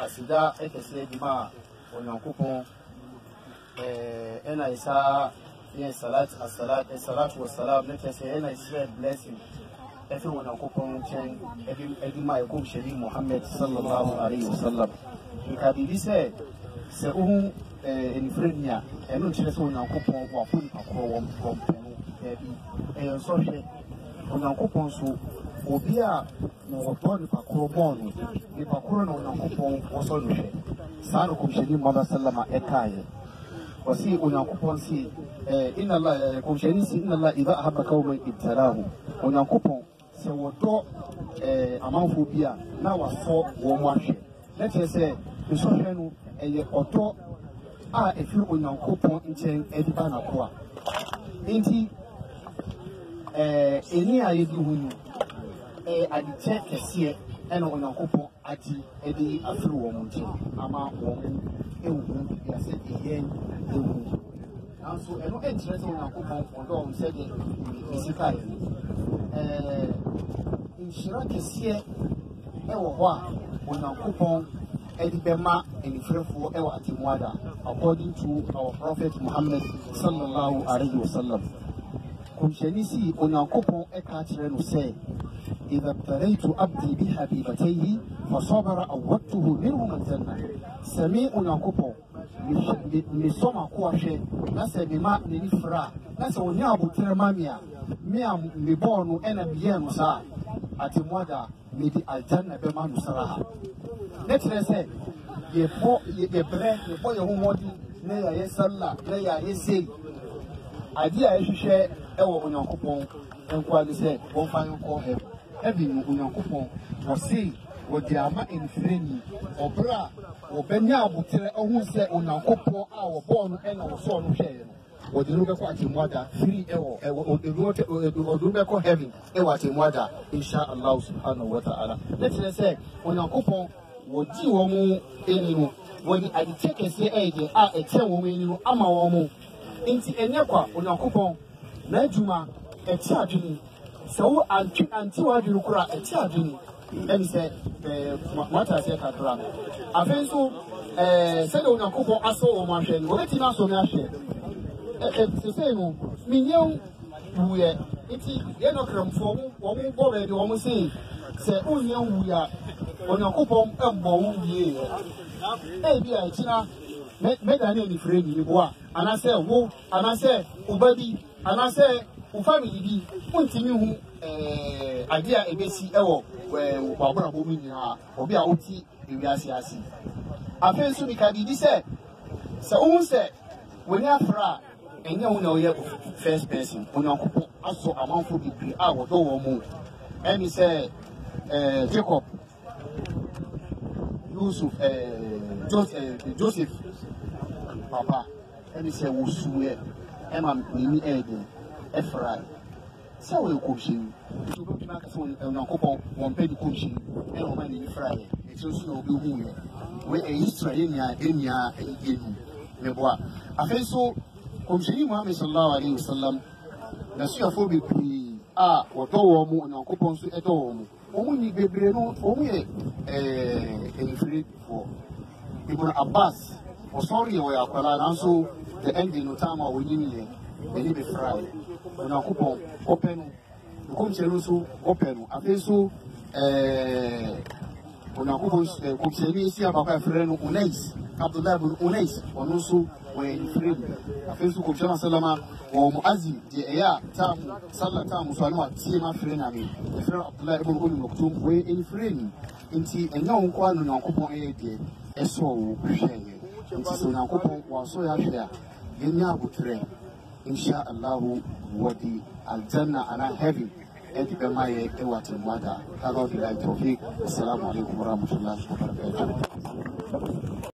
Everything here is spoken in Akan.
aseda kɛseɛ adwuma a onyankopɔn ɛna saa yɛ salat asalat salat wa salam ne kyerɛ sɛ ɛna sɛ blessing ɛfiri onyankopɔn nkyɛn ɛde ma ɛkɔ hyɛni muhammad sallallahu alaihi wasallam nka biribi sɛ sɛ wohu nifire ni a ɛno nkyerɛ sɛ onyankopɔn wafo nipa korɔ wɔ mpɛno baabi ɛyɛ nsɔhwɛ onyankopɔn so obi eh, eh, eh, a na wɔtɔ nipa koro bɔn no nipa koro na onyankopɔn wɔsɔ no hwɛ saa na kɔmhyɛni mmada salama ɛkaeɛ wɔsi onyankopɔn si ɛɛ inala ɛɛ kɔmhyɛni si inala ida ahabaka wɔn ibtalahu onyankopɔn sɛ wɔdɔ ɛɛ amanfo bi a na wasɔ wɔn ahwɛ na kyerɛ sɛ nsɔhwɛ no ɛyɛ ɔdɔ a efiri onyankopɔn nkyɛn ɛde ba n'akoa nti ɛɛ eni a yɛdi ho no ɛyɛ adekyɛ kɛseɛ ɛna onyankopɔn agye ɛde afiri wɔn nkyɛn ama wɔn ewu yasɛ ɛyɛn ewu nanso ɛno ɛnkyerɛ sɛ onyankopɔn ɔdɔ wɔn sɛdeɛ ɛsi kae ɛɛ nhyira kɛseɛ ɛwɔ hɔ a onyankopɔn ɛde bɛma anifirɛfoɔ ɛwɔ atemmuada according to our prophet muhammad sallallahu alayhi wa sallam ɔmhyɛni sii onyankopɔn ɛka kyerɛ no sɛ idha btalaitu abdi bihabibataihi fasabara awattuhu minhuma aljanna sɛ me onyankopɔn mesɔ makoa hwɛ na sɛ mema n'ani fra na sɛ ɔnyɛ aboterɛ ma me a me a mebɔɔ no ɛna meyɛɛ no saa ate moada mede aljanna bɛma no saraa ne kyerɛ sɛ yɛbɔ yɛbrɛ yɛbɔ yɛ ho mmɔden na yɛayɛ salla na yɛayɛ sei adeɛ a yɛhwehwɛ ɛwɔ onyankopɔn nkwale sɛ wɔmfa nkɔ ɛpo ɛbi onyankopɔn wɔsei wɔde ama mfirani ɔbrɛ a wɔbɛnya abotire ɔho sɛ onyankopɔn a wɔbɔɔ no ɛna wɔsɔɔ no hwɛɛ no wɔde no bɛkɔ atemmuada firi ɛwɔ ɛwɔ ɔde no bɛkɔ heaven ɛwɔ atemmuada insha allah subhanahu wa ta'ala ne kyerɛ sɛ onyankopɔn wɔdi wɔn ani no wɔde adekyɛ kɛseɛ ɛyɛ deɛ a ɛkyɛ wɔn ani no ama wɔn nti ɛnyɛ kwa onyankopɔn n'adwuma ɛte adwene sɛ wo antwe ante w'adwene kora ɛte adwene ɛne sɛ moataseɛ kakra afei nso sɛdeɛ onyankopɔn asɛ wɔ mo ahwɛ no wɔbɛtumi asɔ me ahwɛ sesei no menyɛ wuyɛ nti yɛn ɔkramfoɔ wɔn bɔ baabi wɔn se sɛ onyɛ wuyi a onyankopɔn mbɔ wo wie yɛ ebi a ɛkyina mɛda ne anifire nyiyiboa anasɛ wo anasɛ ɔba anaasɛ eh, eh, wo family bi wontumi hu ade a ɛbɛsi wɔ e wɔabrabɔ mu nyinaa ɔbi a wote ewiase ase afei nso meka biribi sɛ sɛ wohu sɛ w'ani afra a ɛnyɛ wo na woyɛ first person onyankopɔn asɔ amanfoɔ bebree a wɔdɔ wɔn mu ɛne sɛ eh, jacob yusuf joseph papa ɛne sɛ wɔsuɛ ɛma mmienu ɛɛdɛ ɛfra sɛ wɔyɛ kɔmhyɛn nti wobɛtumi aka sɛ onyankopɔn wɔmpɛ de kɔmhyɛn ɛna ɔma n'ani fra yɛ ɛkyerɛ nso na wobɛhu yɛ wei ɛyi sra yɛnua ɛnua ɛyɛnu meboa afei nso kɔmhyɛnni muhammed sallallahu alaihi wasallam n'asuafoɔ bebree a wɔdɔ wɔn mu onyankopɔn nso ɛdɔ wɔn mu wɔn ni bebree no wɔn yɛ ɛɛ ɛnfiri foɔ ibn abbas. Osorio ya kwala nanso the ending no time a wɔnyiniiɛ n'ani bɛfraeɛ onyankopɔn ɔpɛ no nkɔmhyɛ no nso ɔpɛ no afei nso onyankopɔn nkɔmhyɛni si abaako a yɛfrɛ no onais abdullahi bin onais ɔno nso wɔyɛ nifire mu afei nso kɔmhyɛ no sala taamu so ano a ma frɛ na me yɛfrɛ abdullahi bin onim ɔkutum wɔyɛ nifire ni nti ɛnyɛ wɔn nkoa no onyankopɔn ɛyɛ deɛ ɛsɔɔ suna kupon waso ya shida yinya buture insha Allahu wadi aljanna ana heaven edi be maye e watin mata kaga billahi tawfiq assalamu alaikum warahmatullahi wabarakatuh